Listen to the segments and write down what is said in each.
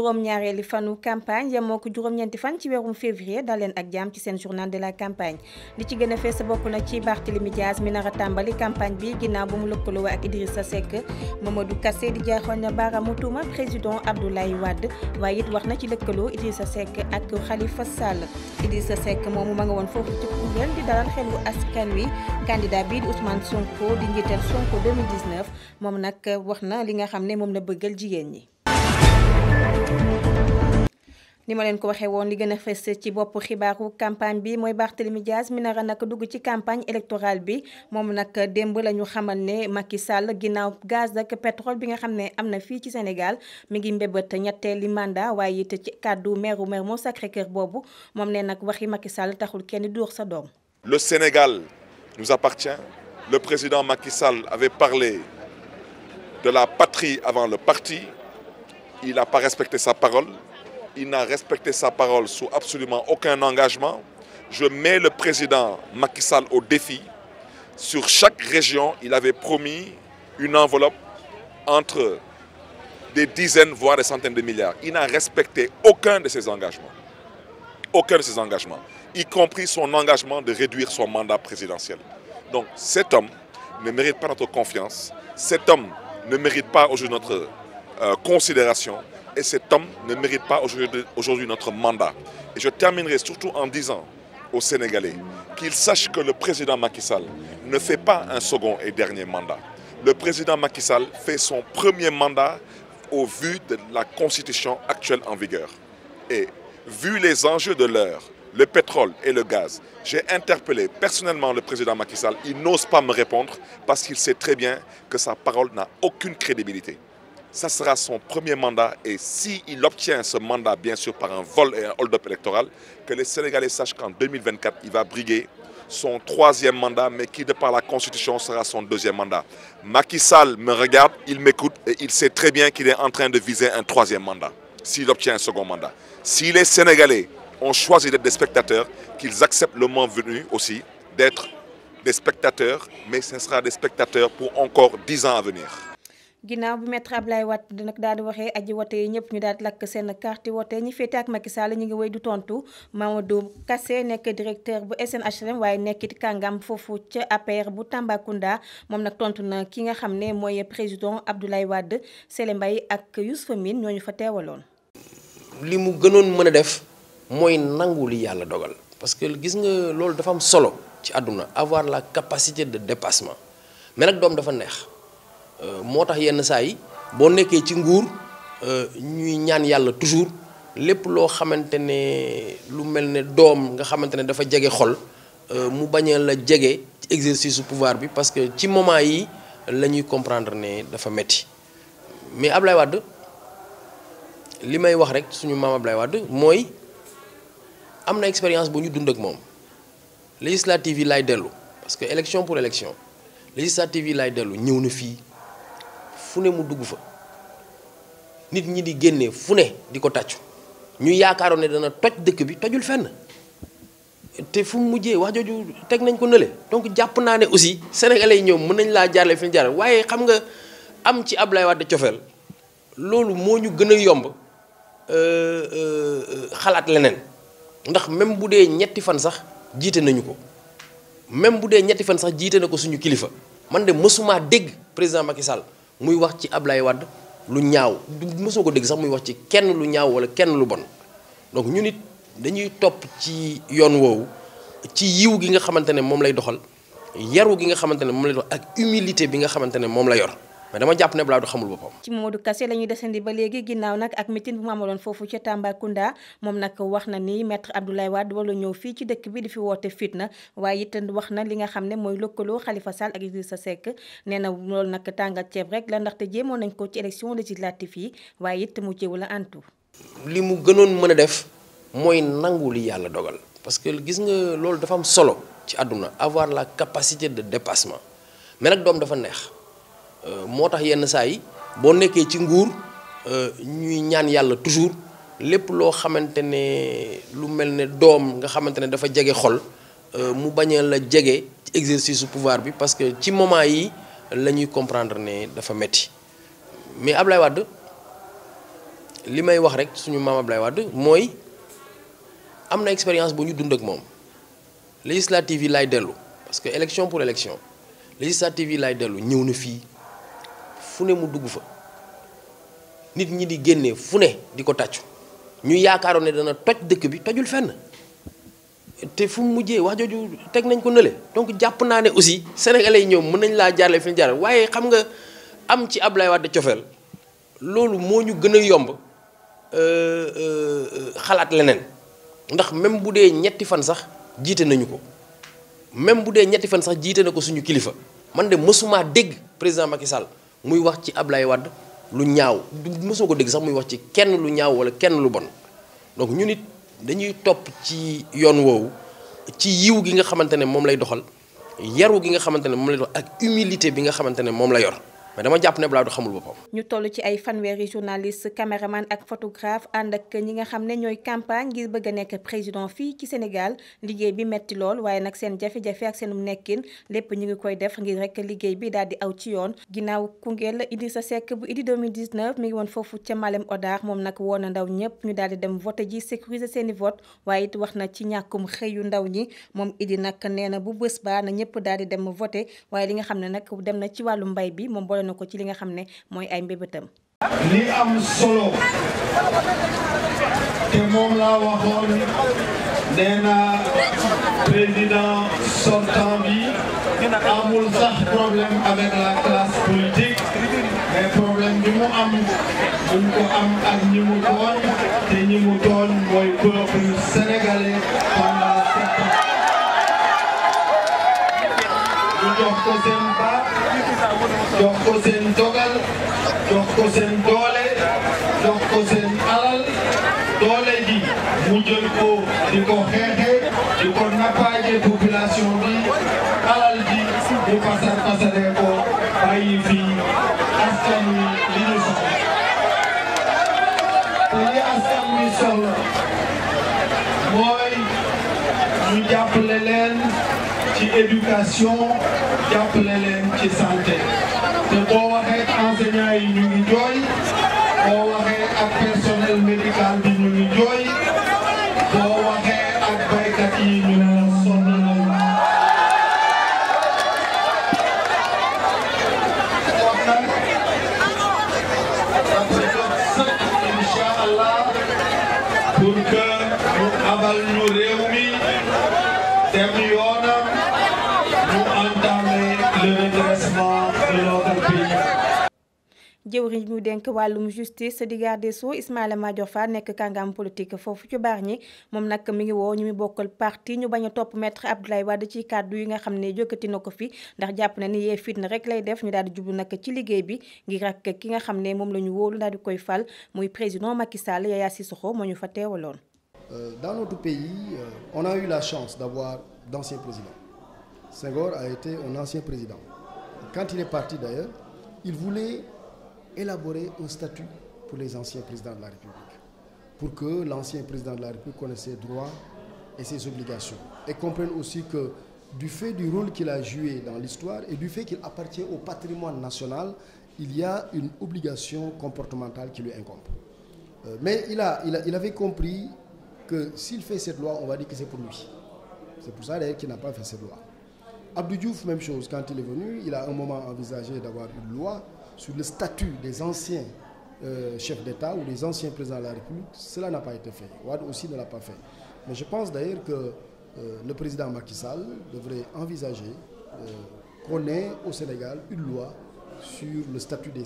juróom-ñaareeli fanu campagne yemoo ko juróom-ñeenti fan ci weerum février dal leen ak jàmm ci seen journal de la campagne li ci gën a fees bokk na ci Barthélémy Dias mi nar a tàmbali campagne bi ginnaaw bu mu lëkkaloo ak Idrissa Seck Mamadou Kassé di jaaxoon na baaraamu tuuma président Abdoulaye Wade waaye it wax na ci lëkkaloo Idrissa Seck ak Khalifa Sall Idrissa Seck moomu ma nga woon foofu ci Koungheul di dalal xelu askan wi candidat bii di Ousmane Sonko di njiital Sonko moom nag wax na li nga xam ne moom la bëggal jigéen ñi li ma leen ko waxe woon li gën a fës ci bopp xibaaru campagne bi mooy Barthélemy Diaz mi nara nag dugg ci campagne électorale bi moom nag démb la ñu xamal ne Macky Sall ginnaaw gaz ak pétrole bi nga xam ne am na fii ci Sénégal mi ngi mbébét ñetteeli mandat waaye it ci kàddu meeru meer moo Sacré-Cœur boobu moom ne nag waxi Macky Sall taxul kenn duur sa doom. Le Sénégal nous appartient. Le président Macky Sall avait parlé de la patrie avant le parti. Il n'a Il n'a respecté sa parole sous absolument aucun engagement. Je mets le président Macky Sall au défi. Sur chaque région, il avait promis une enveloppe entre des dizaines, voire des centaines de milliards. Il n'a respecté aucun de ses engagements. Aucun de ses engagements, y compris son engagement de réduire son mandat présidentiel. Donc cet homme ne mérite pas notre confiance. Cet homme ne mérite pas aujourd'hui notre euh, considération. et cet homme ne mérite pas aujourd'hui aujourd notre mandat. Et je terminerai surtout en disant aux Sénégalais qu'ils sachent que le président Macky Sall ne fait pas un second et dernier mandat. Le président Macky Sall fait son premier mandat au vu de la constitution actuelle en vigueur. Et vu les enjeux de l'heure, le pétrole et le gaz, j'ai interpellé personnellement le président Macky Sall. Il n'ose pas me répondre parce qu'il sait très bien que sa parole n'a aucune crédibilité. ça sera son premier mandat et s'il obtient bien sûr, par un vol et un hold-up électoral, que les Sénégalais sachent qu'en 2024, il va briguer son troisième mandat, de par la Constitution, sera son deuxième mandat. Macky Sall me regarde, il bien qu'il en train de viser un troisième mandat, s'il obtient un second mandat. Si les Sénégalais ont choisi d'être des spectateurs, qu'ils acceptent le moment venu aussi d'être des spectateurs, mais ce sera des spectateurs pour encore dix ginnaaw bi maître Abdoulaye Wade nag daal di waxee aji wote yi ñëpp ñu daal di lakk seen carte wote ñi féete ak Macky Sall ñu ngi wéy du tontu Mamadou Kassé nekk directeur bu SNHLM waaye nekkit kàngam foofu ca APR bu Tambacounda moom nag tontu na ki nga xam ne mooy président Abdoulaye Wade Sele Mbaye ak Youssoupha Mine ñooñu fa teewaloon. li mu gënoon mën a def mooy nangu li yàlla dogal parce que gis nga loolu dafa am solo ci àdduna avoir la capacité de d mais nag doom dafa neex. Euh, moo tax yenn saa yi boo nekkee ci nguur euh, ñuy ñaan yàlla toujours lépp loo xamante ne lu mel ne doom nga xamante ne dafa jege xol euh, mu bañ a la jege ci exercice pouvoir bi parce que ci moment yi la ñuy comprendre ne dafa metti mais Ablaye Wade li may wax rek suñu maam lay Wade mooy am na expérience bu ñu dund ak moom législative yi lay dellu parce que élection pour élection législative yi lay dellu ñëw na fii. fu ne mu dugg fa nit ñi di génnee fu ne di ko tàccu ñu yaakaaroon ne dana toj dëkk bi tojul fenn te fu mu mujjee wax jooju teg nañ ko nële donc jàpp naa ne aussi sénégalais yi ñoom mën nañ laa jaarale fi ñu jaarale waaye xam nga am ci Ablaye de cofeel loolu moo ñu gën a yomb euh, euh, xalaat leneen ndax même bu dee ñetti fan sax jiite nañu ko même bu dee ñetti fan sax jiite na ko suñu kilifa man de mësumaa dégg président Macky muy wax ci Ablaye wàdd lu ñaaw du mosuma ko dégg sax muy wax ci kenn lu ñaaw wala kenn lu bon donc ñun it dañuy topp ci yoon woowu ci yiw gi nga xamante ne moom lay doxal yaru gi nga xamante ne moom lay doxal ak humilité bi nga xamante ne moom la yor mais dama jàpp ne Abdoulaye Wade xamul boppam. ci Mamadou Kassé la ñuy desandi ba léegi ginnaaw nag ak meeting bu mu amaloon foofu ca Tambacounda moom nag wax na ni maître Abdoulaye Wade wala ñëw fii ci dëkk bi di fi woote fitna waaye it wax na li nga xam ne mooy lëkkaloo Khalifa Sall ak Idrissa Seck nee na loolu nag tàngat ceeb rek la ndaxte jéemoon nañ ko ci élection législative yi waaye it mu jéewu la antu. li mu gënoon mën a def mooy nangu li yàlla dogal parce que gis nga loolu dafa am solo ci àdduna avoir la capacité de dépassement mais nag doom dafa neex. Euh, moo tax yenn saa yi boo nekkee ci nguur euh, ñuy ñaan yàlla toujours lépp loo xamante ne lu mel ne doom nga xamante ne dafa jege xol euh, mu bañ a la jege ci exercice pouvoir bi parce que ci moment yi la ñuy comprendre ne dafa metti mais Ablaye Wade li may wax rek suñu maam lay Wade mooy am na expérience bu ñu dund ak moom législative yi lay dellu parce que élection pour élection législative yi lay dellu ñëw na fii fu ne mu dugg fa nit ñi di génnee fu ne di ko tàccu ñu yaakaaroon ne dana toj dëkk bi tojul fenn te fu mu mujjee wax jooju teg nañ ko nële donc jàpp naa ne aussi sénégalais yi ñoom mën nañ laa jaarale fi ñu jaarale waaye xam nga am ci Ablaye de cofeel loolu moo ñu gën a yomb euh, euh, xalaat leneen ndax même bu dee ñetti fan sax jiite nañu ko même bu dee ñetti fan sax jiite na ko suñu kilifa man de mësumaa dégg président Macky Sall muy wax ci Ablaye wàdd lu ñaaw du mosoo ko dégg sax muy wax ci kenn lu ñaaw wala kenn lu bon donc ñun it dañuy topp ci yoon woowu ci yiw gi nga xamante ne moom lay doxal yaru gi nga xamante ne moom lay doxal ak humilité bi nga xamante ne moom la yor mais dama jàpp ne Abdoulaye Wade xamul boppam. ñu toll ci ay fanweeri journaliste caméraman ak photographe ànd ak ñi nga xam ne ñooy campagne ngir bëgg a nekk président fii ci Sénégal liggéey bi metti lool waaye nag seen jafe-jafe ak seenum nekkin lépp ñu ngi koy def ngir rek liggéey bi daal di aw ci yoon. ginnaaw Koungheul Idrissa Seck bu Idi 2019 mi ngi woon foofu ca Malem Odar moom nag woo na ndaw ñëpp ñu daal di dem vote ji sécuriser seeni i vote waaye it wax na ci ñàkkum xëyu ndaw ñi moom Idi nag nee na bu bés baa na ñëpp daal di dem vote waaye li nga xam ne nag dem ci wàllu mbay bi boole ko ci li nga xam ne mooy ay mbébétam. li am solo te moom laa waxoon nee président sortant bi amul sax problème avec la classe politique mais problème bi mu am buñ ko am ak ñi te ñi mooy peuple sénégalais pendant sept ans jox ko seen baat jox ko seen jox ko seen jox ko alal ji mu jël ko di ko xeexe di ko nappaaje population bi alal ji di pasar pasare ko bàyyi fi askan wi li ñu soxla te wi soxla mooy ñu jàppale leen. ci éducation jàppale leen santé te waxee enseignant yi ñu ngi jooy boo waxee ak personnel médical bi ñu ngi jooy boo waxee ak baykat yi ñu ne sonn allah pour que mu abal ñu réew mi dem yoon jëwriñ bi denk wàllum justice di garde sous Ismaïla Madior Fall nekk kàngam politique foofu ci baax ñi moom nag mi ngi woo ñu mu bokkal parti ñu bañ a topp maître Abdoulaye Wade ci kàddu yi nga xam ne jokkati na ko fi ndax jàpp na ni yee fitna rek lay def ñu daal di jublu nag ci liggéey bi ngir ak ki nga xam ne moom la ñu wóolu daal di koy fal muy président Macky Sall Yaya Sissoko moo ñu fa teewaloon. Euh, dans notre pays, euh, on a eu la chance d'avoir d'anciens présidents. Senghor a été un ancien élaborer un statut pour les anciens présidents de la République, pour que l'ancien président de la République connaisse ses droits et ses obligations, et comprenne aussi que du fait du rôle qu'il a joué dans l'histoire et du fait qu'il appartient au patrimoine national, il y a une obligation comportementale qui lui incombe. Euh, mais il, avait compris que s'il fait cette loi, on va dire que c'est pour lui. C'est pour ça d'ailleurs qu'il n'a pas fait cette loi. Abdou Diouf, moment envisagé d'avoir une sur le statut des anciens euh, chefs d'État ou des anciens présidents de la République, cela n'a pas été fait. Ouad aussi ne l'a pas fait. Mais je pense d'ailleurs que euh, le président Macky Sall devrait envisager euh, qu'on ait au Sénégal une loi sur le statut des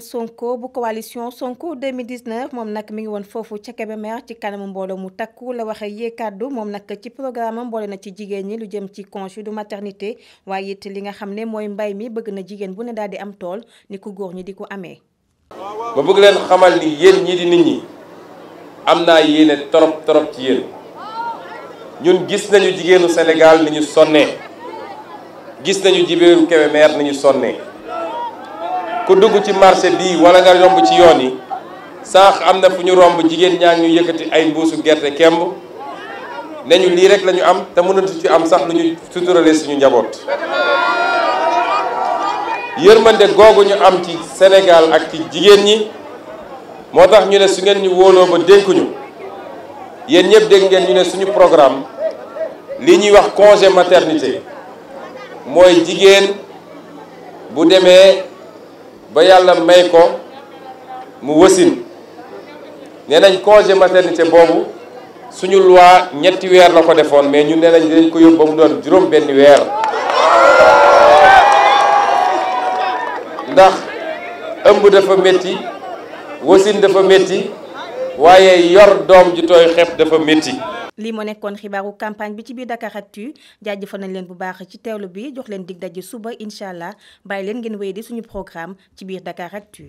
Sonko bu coalition Sonko 2019 moom nag mi ngi woon foofu ca Kébémer ci kanamu mbooloo mu takku la waxee yee kàddu moom nag ci programme am mboole na ci jigéen ñi lu jëm ci congé de maternité waaye it li nga xam ne mooy mbay mi bëgg na jigéen bu ne daal di am tool ni ko góor ñi di ko amee. ma bëgg leen xamal ni yéen ñii di nit ñi am naa yéene torop torop ci yéen ñun gis nañu jigéenu Sénégal ni ñu sonnee. gis nañu Djibril Kébé maire nañu sonnee ku dugg ci marché bii walla nga romb ci yoon yi saax am na fu ñu romb jigéen ñaa ngi ñu yëkkati ay mbuusu gerte kemb nañu lii rek lañu am te a mënatu ci am sax lu ñu suturale suñu njaboot yërmande googu ñu am ci senegal ak ci jigéen ñi moo tax ñu ne su ngeen ñu wóoloo ba dénkuñu yéen ñëpp dégg ngeen ñu ne suñu programme li ñuy wax congé maternité mooy jigéen bu demee ba yàlla may ko mu wasin nee nañ congé maternité boobu suñu loi ñetti weer la ko defoon mais ñu nee nañ dinañ ko yóbbu ba mu doon juróom benn weer ndax ëmb dafa métti wasin dafa métti waaye yor doom ju tooy xepp dafa métti lii moo nekkoon xibaaru campagne bi ci biir Dakaractu jaajëfal nañ leen bu baax ci teewlu bi jox leen dig daje suba incha allah bàyyi leen ngeen wéy di suñu programme ci biir Dakaractu